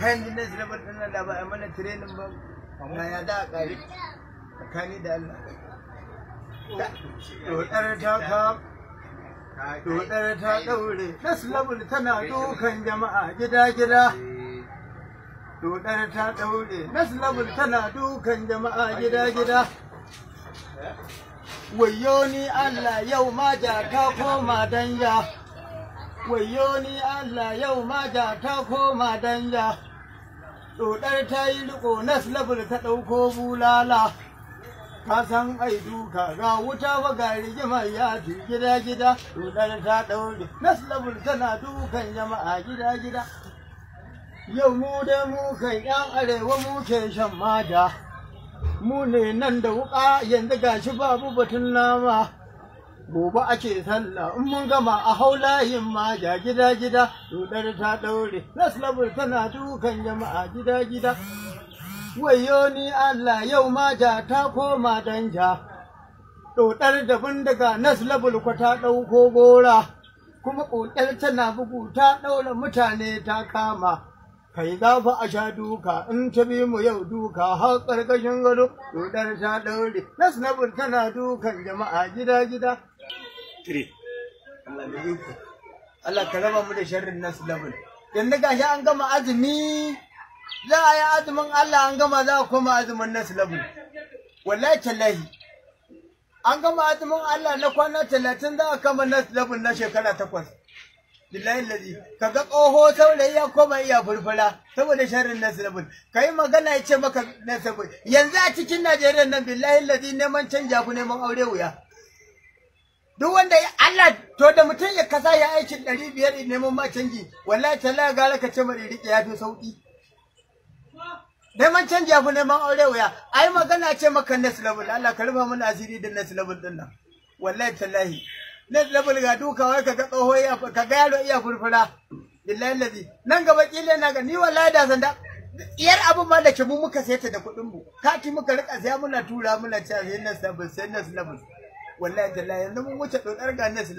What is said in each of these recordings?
kayan jin nan silabar ɗin da ba a mana tirenin ba na ya da a ƙari da Allah dodar ta ka dodar ta ɗaure na silabul tana dukan jama'a gida gida dodar ta ɗaure na silabul tana dukan jama'a gida gida wayo ni Allah yau ma jaka ko ma madanya wayoni ni Allah yau mata ta koma danja Dodar ta yi riko naslabul ta ɗauko bulala ka san ai duka ga wuta ba ga rigimar ya fi gida gida Dodar ta ɗaure naslabul tana dukan jama'a gida gida yau mu da mu kan yan arewa mu ke shan mada mu ne nan da wuƙa yanzu gashi babu batun nama gobe ake sallah in mun gama a hau layin ma ja gida gida dodar ta daure naslabul tana dukan jama'a gida gida wayo ni Allah yau ma ja ta koma danja dodar da bindiga naslabul ko ta dauko gora kuma ƙoƙar tana bugu ta ɗaura mutane ta kama kai fa a sha duka in ta bi mu yau duka har ƙarƙashin gado dodar ta ɗaure nasnabur tana dukan jama'a gida gida 3 Allah ka raba mu da sharrin nas level yanzu gashi an gama azumi za a yi azumin Allah an gama za a koma azumin nas level wallahi tallahi an gama azumin Allah na kwana 30 za a kama nas level na shekara takwas billahi lazi ga ƙoho saurayi ya koma iya furfura saboda sharrin nasrabul kai magana ya ce maka nasrabul yanzu a cikin Najeriya nan billahi lazi neman canja ku neman aure wuya duk wanda ya Allah to da mutum ya kasa ya aikin ɗari biyar neman ma canji wallahi tallahi gara ka ce mari rike ya fi sauƙi neman canji ya fi neman aure wuya ai magana ce maka next level Allah ka rufa mana asiri da next level din nan wallahi tallahi next level ga duka wai ka ga tsoho ya ka ga yaro iya furfura billahi lazi nan gaba kila na ga ni wallahi da sanda iyar abin ma da ke mu muka sayar da kuɗin mu kati muka rika saya muna tura muna cewa sai next level sai next level wallahi da yanzu mun wuce dodar ga next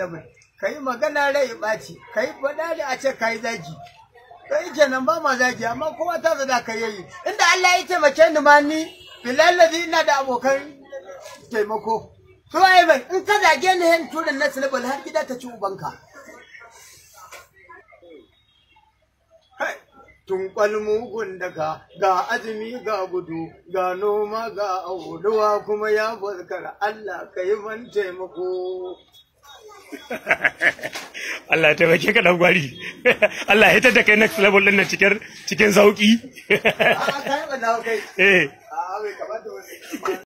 Ka yi magana rai Ka yi faɗa da a ce yi zagi kai kenan ba ma zagi amma kowa ta zada kai yi. inda Allah ya taimake ni ma ni bilallazi ina da abokan taimako to ai bai in ka zage ni hin turin next level har gida ta ci ubanka tunkwal mugun daga ga azumi ga gudu ga noma ga auduwa kuma ya barkar Allah ka yi man taimako Allah taimake ka dan gwari Allah ya tada kai next level din nan cikin cikin zauki eh